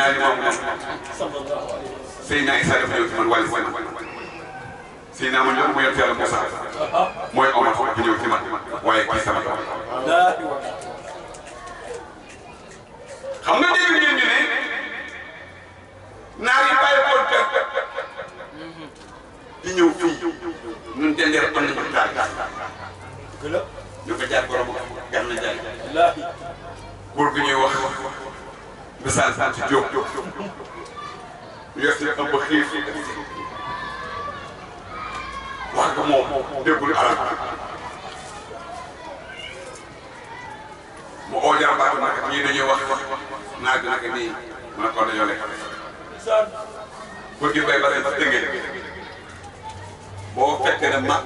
Seydina Limaamu Laye Seydina Issa dafa ñëw ci man wàllu si man Seydina ma ñëw mu yor yàlla Moussa mooy Omar bu ñëw ci man waaye kii sama doom. xam nga dégg ngeen ñu ne naar yi bàyyi ko di ñëw fii ñun dendeer am nañu ko taal ñu ko jaar borom gànna jaay góor gi ñuy wax. misaal sant Diop yor si ëmb xiif wax nga moom déggul arab mu oo jàmbaatu nag ñii dañuy wax naaj nag nii mu ne ko dañoo lekk pour di bay bare ba dëngee boo fekkee ne mag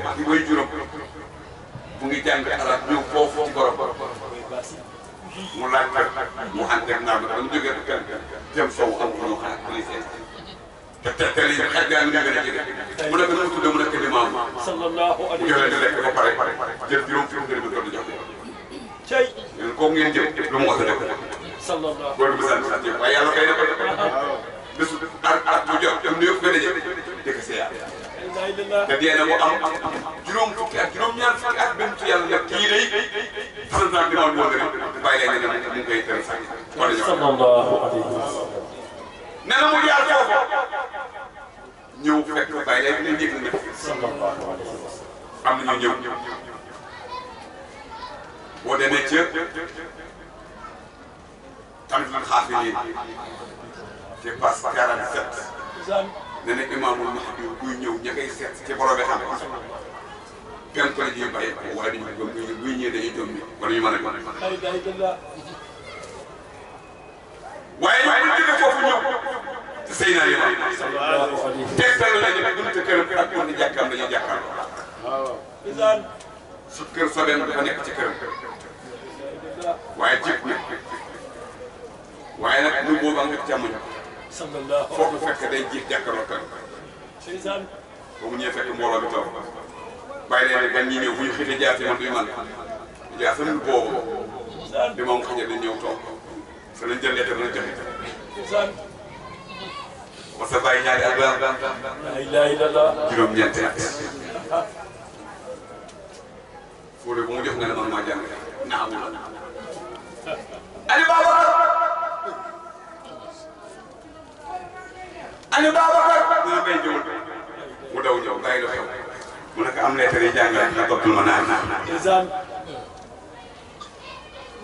mu laaj kër mu ànd ak naaw ba mu jógee ba kër jëm sow am ko ñu xalaat policier te te te lii xaj naa nga gën a jege mu nekk nu mu tudd mu nekk di maam sallallahu alayhi wa sallam lekk ba pare jël juróom fi mu gën a bëgg jox cey ngeen kooku ngeen jëm lu mu oto def sallallahu loolu bu sant sant waaye yàlla kay na ko def bés ar ar bu jot am nuyu ko daje dëkk si yàlla te dee na mu am juróom fukki ak juróom-ñaar fukki ak benn ci yàlla nag kii day dugal naa gën a woon rek bàyyi lay ne mu ngi koy tënk sax. sallallahu alayhi wa sallam. nee na mu jaar foofu ñëw fekk bàyyi lay ne njëkk na sallallahu alayhi wa sallam. am na ñu ñëw boo demee ca tamit man xaar fi nii c'est pas 47. ne ne imaamul mahdi buy ñëw ña koy seet ci borom bi xam kenn ku ne ñuy bàyyi waaye duñu ko buy ñëwee dañuy jom ni wala ñu mën a jom waaye waaye ñu jóge foofu ñëw te sëy naa yéen tegtal la ñu buntu këram ak man jàkkaam dañuy jàkkaarloo su kër sobeem dafa nekk ci këram waaye jëpp nag waaye nag lu boobu am nga càmmoñ sallallahu foo ko fekk day jiit jàkkaarloo kan. ndeysaan. ba mu ñëwee fekk mbooloo bi toog bàyyi leen ban ñi ñëw bu ñu xëy na jafe man du man jaafewul boobu. ndeysaan bi moom xëy na ñëw toog. fa lañ jël lettre lañ joxe. ndeysaan. parce que bàyyi ñaari at la. la ilaha illallah. juróom-ñeenti at. fóore bu mu jox nga ne man maa jàng naa amul. Aliou Baba. ani Babacar dina béy jiw mu daw ñëw bàyyi la xew mu ne ko am lettre yi jàngale na topp ma naan naan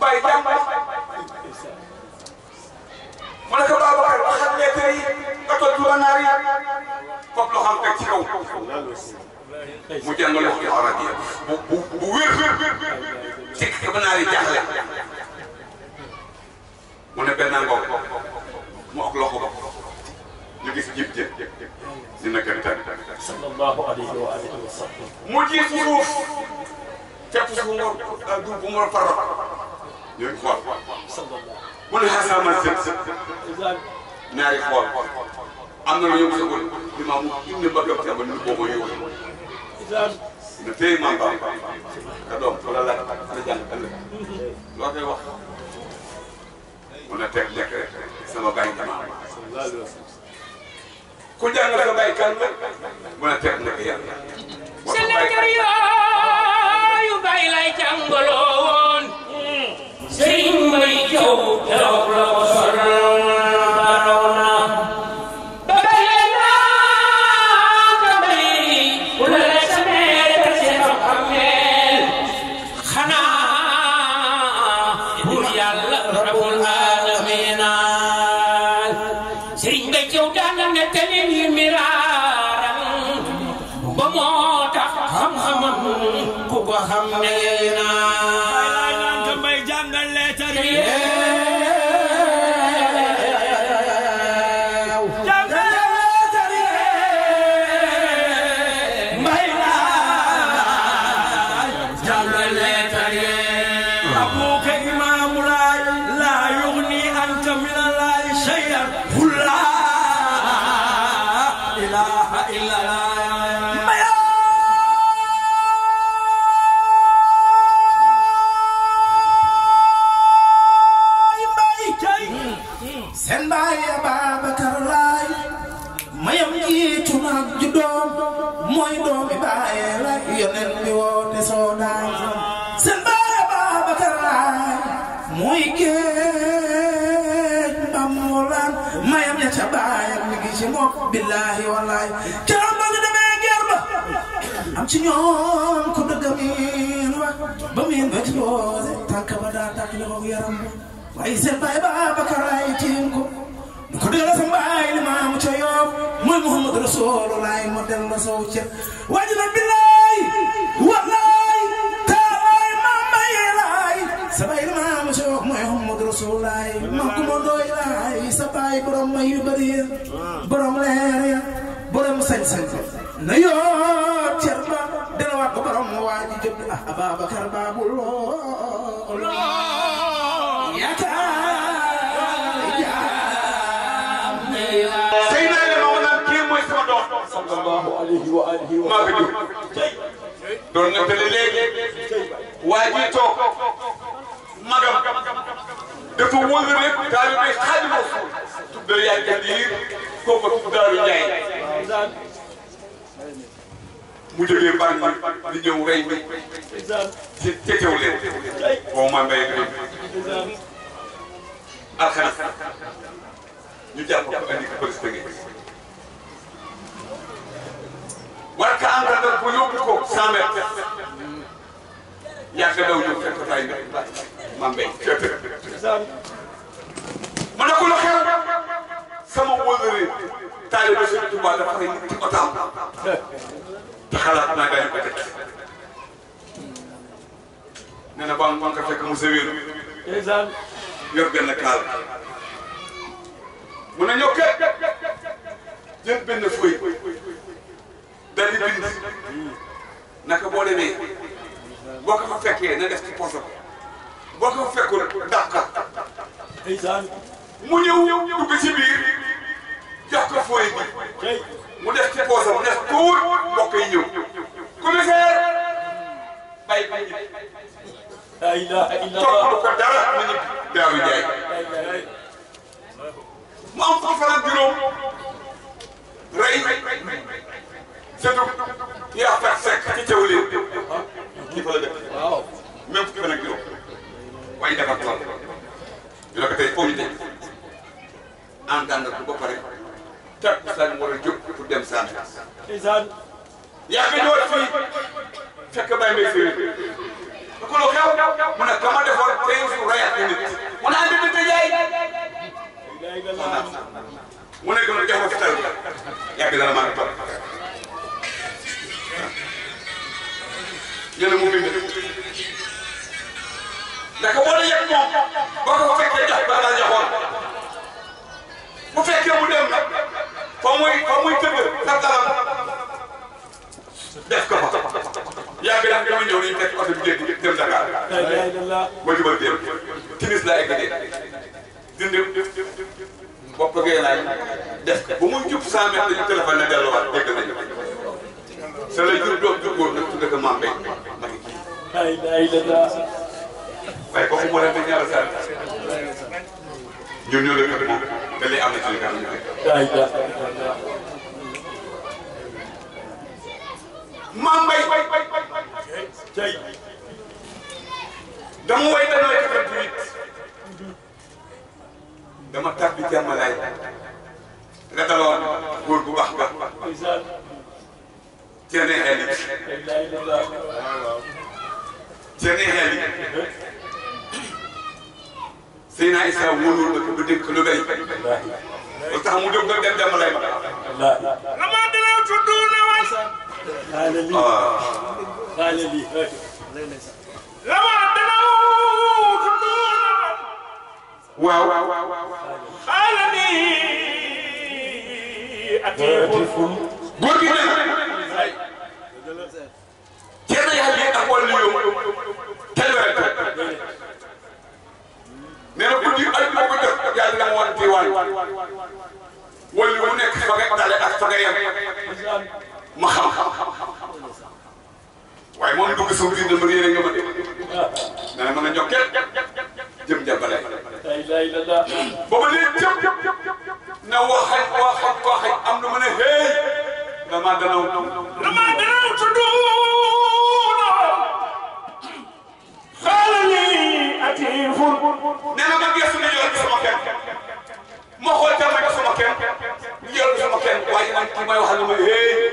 bàyyi jàmm mu ne ko Babacar waxal lettre yi nga topp ma naar yi foofu loo xam teg ci kaw mu jàngale ko xarat yi bu bu wér wér wér teg ko ba naar yi jaaxle mu ne benn ngoog mu ok loxo ba ñu gis jib jë jë jë dina gën tànn tànn tànn. sallallahu alayhi wa alihi wa sallam. mu ah, bu xool. bu ne xaaral ma sën sën ñaari xool am na lu yóbbu sa góor li ma mu indi mbagam ca ba nit boobu yóbbu. na téye maam ba te doom wala laaj ana jàng ëllëg loo koy wax. mu ne teg teg rek sama gaañ dama am. ku jàng sa bàyyi kan la bu la teg nag yàlla. waxu bàyyi kan la yu bàyyi lay jàngaloo woon. Hmm. sëñ may jow keroog la ko ca baayam mi ngi moom billaahi wallaahi keroog ba ñu demee ger am ci ñoom ku dëgg miin wa ba miin ba ci loole tànk ba daa tàkk li ko yaram waaye seen baay Babacar ay tiim ko du ko delloo sa mbaay li maamu ca yoon mooy Muhammad Rasulullaah mu del la sow ca waaj na billaay wallaay taalaay maam ma yeelaay sa baay li maamu ca yoon mooy rasul makku mo doy lay borom may bari borom leer ya borom sañ sañ na ko borom waji ah ya ta ya sayyidina maulana ki moy sama do sallallahu alaihi wa alihi wa sallam don na tele legi waji to magam dafa wëlëre taalibe Xaadimu Rasuul tudda yaay Kadir kooku tuddaaru Njaay mu jógee ban bi ñëw rey bi ci tetew leen boo ma mbay bi alxames ñu jàpp ko andi ko police tege war ka engrais ko yóbbu ko cent mètres ñaata daw ñëw fekk ko taay mbay ma mbay ndeysaan mu ne ko la xew sama wóllëre taalibe Sëriñ Tuubaa dafa rey nit ci otaam te xalaat naa gaañ ko teg nee na ba mu ko fekk mu sëweeru ndeysaan yor benn kaal mu ne ñëw kat jël benn fuy dal di bind naka boo demee boo ko fa fekkee na def ci poosam boo ko fekkul dàq Dá cá. mu ñëw dugg ci biir jox ko fooy bi mu def ci poosam def ko wut yi ñëw. commissaire. bay bay la ilaha illa Allah ko dara mu ñu daaw jaay. mu am fukki fan ak juróom. rey. surtout yaa fekk sekk ci teewlee. kii fa la def. waaw même fukki fan ak juróom. way defar lal ñu ne ko tey comité entendre a ba pare takk saa ñu war a jóg pour dem Sane. ndeysaan. yaa ngi ñëw fii fekk bay may fii bu ko loo xew mu ne kama defoon tey su rayat nit mu naan bi nit jaay mu ne gën a jox ko fital yàgg dana maa ngi topp ñu ne mu bind ndax boo la yëg moom boo ko fekkee jox ba la joxoon bu fekkee mu dem nag fa muy fa muy tëdd sa talam def ko fa yaa ngi daan dama ñëw nii fekk oto bi dégg dem Dakar ma jubal dem timis laa egg dee dindi bopp gee naay def ko bu muy jub 100 mètres dañu téléphone ne delluwaat dégg nañu sa lay jur doom jur góor nag tuddee ko maam Mbaye ma ngi kii waaye kooku moo leen di ñaanal saa ñun ñoo leen moom te lii am na ci li nga xam ne maam bay bay bay bay bay cay dama way danoo quatre-vingt-huit dama tàbbi jàmmalaay retaloon góor bu baax ba ceene xel yi ceene xel yi Seydina Issa moo ñëw dëkk ba dëkk lu bëri. wallaahi tax mu jóg ba dem dem lay ma. wallaahi. lama dinaw tuddu na wal. xaale lii xaale ah. lii. lama dinaw tuddu na wal. waaw. xaale lii. atiiful. góor gi ne. kenn yaa ngi taxawal li yow. kenn gaal nga woon fii waay wala mu nekk fa nga dale ak fa nga yem ma xam waaye moom dugg sa biir dama réer nga ma def dana mën a ñokkeel jëm jàmbale ba ma nee jëm na waxañ waxañ waxañ am na ma ne hey dama danaw dama danaw tudduuna xaalali ati fur ما يوحنا إيه؟ ما إيه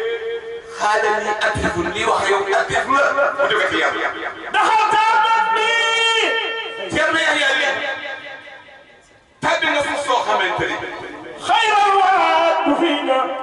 هذا اللي أبيف لي وحيو أبيف ما ودك يا دخلت أبني ترمي يا لي تبي نفسه خمنتري خير الوعد فينا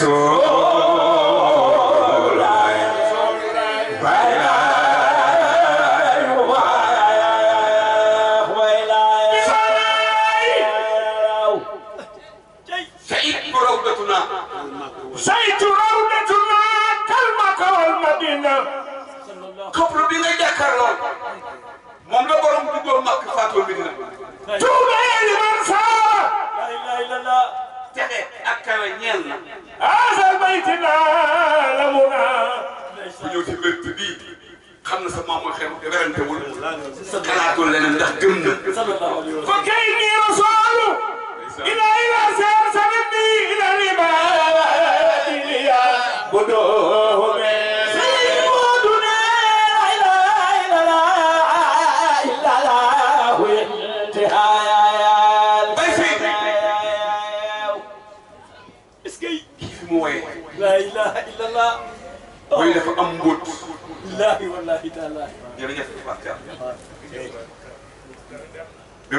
Tuuba li man saa. la ilaha illallah. texe ak kawe ñeel na. هذا البيت العالمنا ku ñëw ci béréb bii xam na sa maam mooy xew werante wul xalaatul leneen ndax gëm na fa kay ni rasulu ila ila sa sabbi ila riba ila bodo ilaha illallah. mooy dafa am bi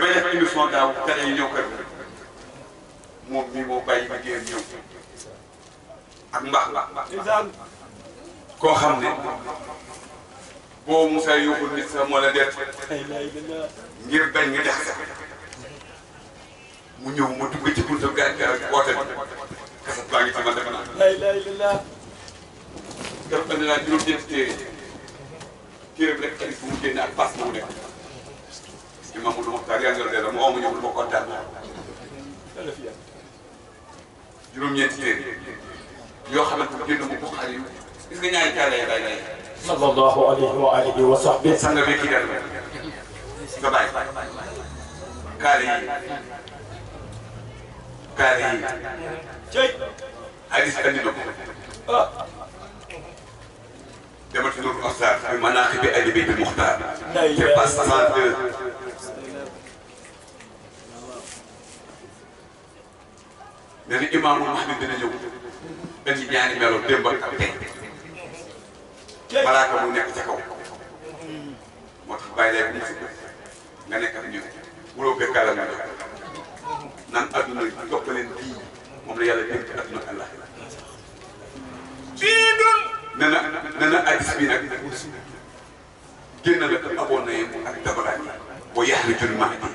may def émission daaw tane yi ñëw moom mii moo bàyyi ma géer ñëw ak mbaax koo xam ne boo Moussa yóbbu nit sax moo la ngir bañ nga mu ñëw ma dugg ci buntu gàncax ilaha illallah keroog andi naa juróom-ñetti téere téere bi rek mu génne ak pass bu mu nekk imam Moudou Mokhtar yaa ngi leen di moo ma ñëw du ma kontaan juróom-ñeenti téere yoo xamante ne génn mu Buxaari yi gis nga ñaari caala ya bàyyi bàyyi. sallallahu alayhi wa alihi wa sahbihi. sang bi kii daal nga bàyyi kaale yi kaale yi. hadis andi na ko ah dama ci Nour Oustar bi manaaqibi Muxtaar c'est pas 62 ne ni imaamul Mahdi dina ñëw ñaari melo démb ak tey nekk ca kaw moo tax bàyyi lay bu nga nekk ak ñun wuloo bekkaalam ñu nan adduna dopp moom la yàlla dénk adduna allah diidun nana nana hadis bi nag génn la abonné ak dabaraani wa yaxrijul mahdi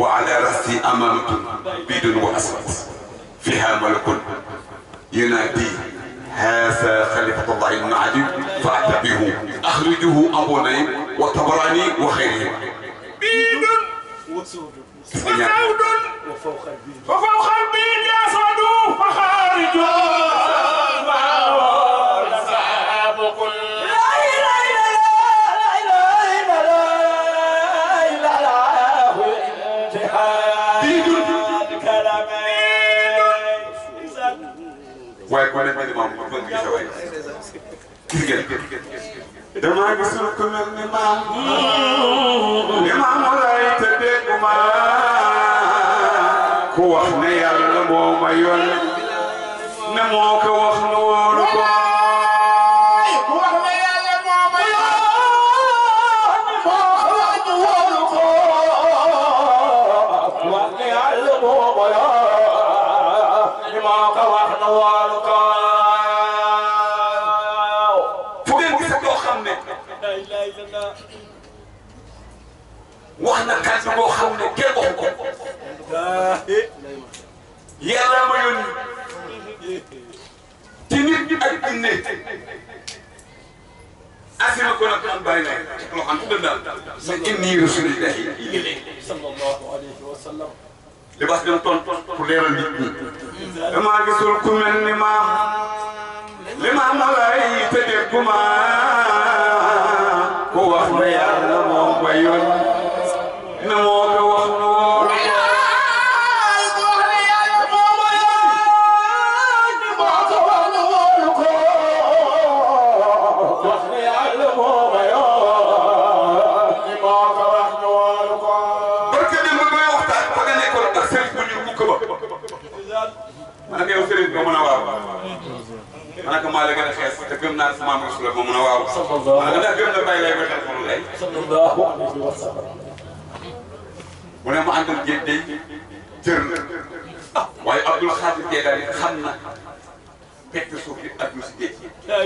wa ala rasi amaamatu biidun wa aswad fiha malakun ينادي هذا خليفة الله المعدي فاعتبه أخرجه أبو نعيم وطبراني وخيره بيد وسود وفوق البيد وفوق البيد أسود فخارج boole ma limaam bu bëgg sa waay damaa gisul ku mel ni maam ni maam wax ne yàlla moo ma yoon ne moo ko wax nu mais inni rasulillahi ilayhi sallallahu alayhi wa sallam li baax dina tontu pour leeral nit ñi damaa gisul ku mel ni maam li ma malaay te dégguma ku wax na yàlla moom ba yoon na moo ولكن يجب ان يكون هناك جدار ويقول لك ان يكون هناك جدار ويقول لك ان يكون هناك جدار ويقول لك ان يكون هناك جدار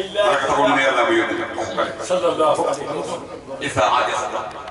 ويقول لك ان يكون هناك جدار ويقول لك ان يكون هناك جدار ويقول لك ان يكون هناك جدار ويقول لك ان يكون هناك جدار ويقول لك ان يكون هناك جدار ويقول لك ان يكون هناك جدار ويقول لك ان يكون هناك جدار ويقول لك ان يكون هناك جدار ويقول لك ان يكون هناك جدار ان يكون هناك ان يكون هناك جدار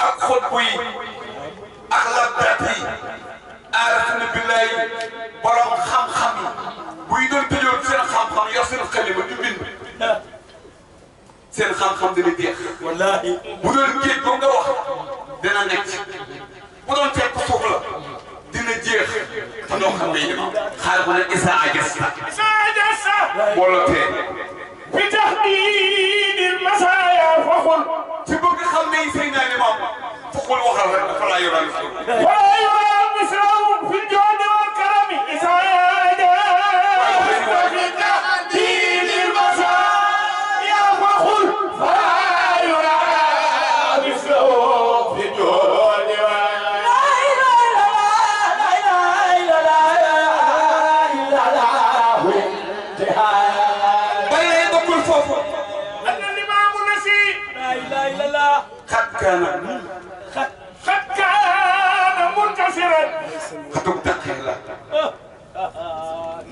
ak xutbu yi ak labdaat yi aarifina billaay borom xam-xam yi buy doon tëjoon seen xam-xam yor seen xalima di bind seen xam-xam dana jeex. wallaahi bu doon géej boobu nga wax dana nekk bu doon fekk suuf la dina jeex te doo xam ne imam xaaral ko ne Isa Agesta. Isa Agesta. boolotee. bi tax di di masaaya waxul ci bëgg خلني يسينا لماما فقل وخر فلا يرى المسلم ولا يرى المسلم في الجنة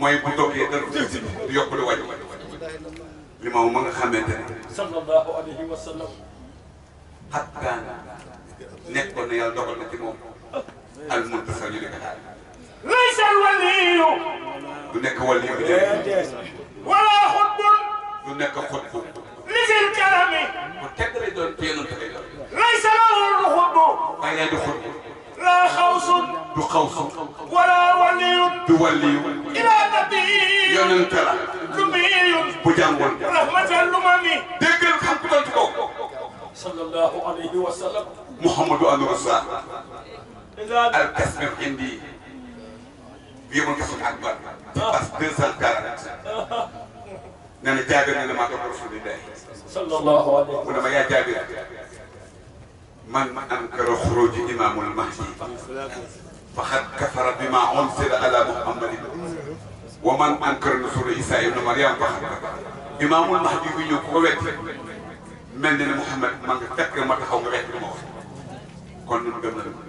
mooy bu doggee dara du si du yokk du wàññi li ma ma nga xamante ne. sallallahu alayhi wa sallam. xattaan nekkoon na yàlla dogal na ci moom. al muntasar ñu nekk daal. laysa waliyu. du nekk waliyu bi jërëjëf. wala xutbun. du nekk xutbu. li fi kalami. bu teg lay doon téye noonu lay doon. laysa lahu xutbu. waaye yaa di xutbu. la xawsun. بقوس ولا ولي بولي إلى نبي ينتلى لمي بجنب رحمة لمامي دقل خمتكم صلى الله عليه وسلم محمد أن رسول الكسب عندي في يوم الكسب الأكبر بس 240 نانا جابر لما تقول رسول الله صلى الله عليه وسلم ولما يا جابر من أنكر خروج إمام المهدي فقد كفر بما أنزل على محمد ومن أنكر نزول عيسى ابن مريم فقد كفر إمام المهدي بن يقوت من محمد من تكرم تخوم غير الموت كن نقدر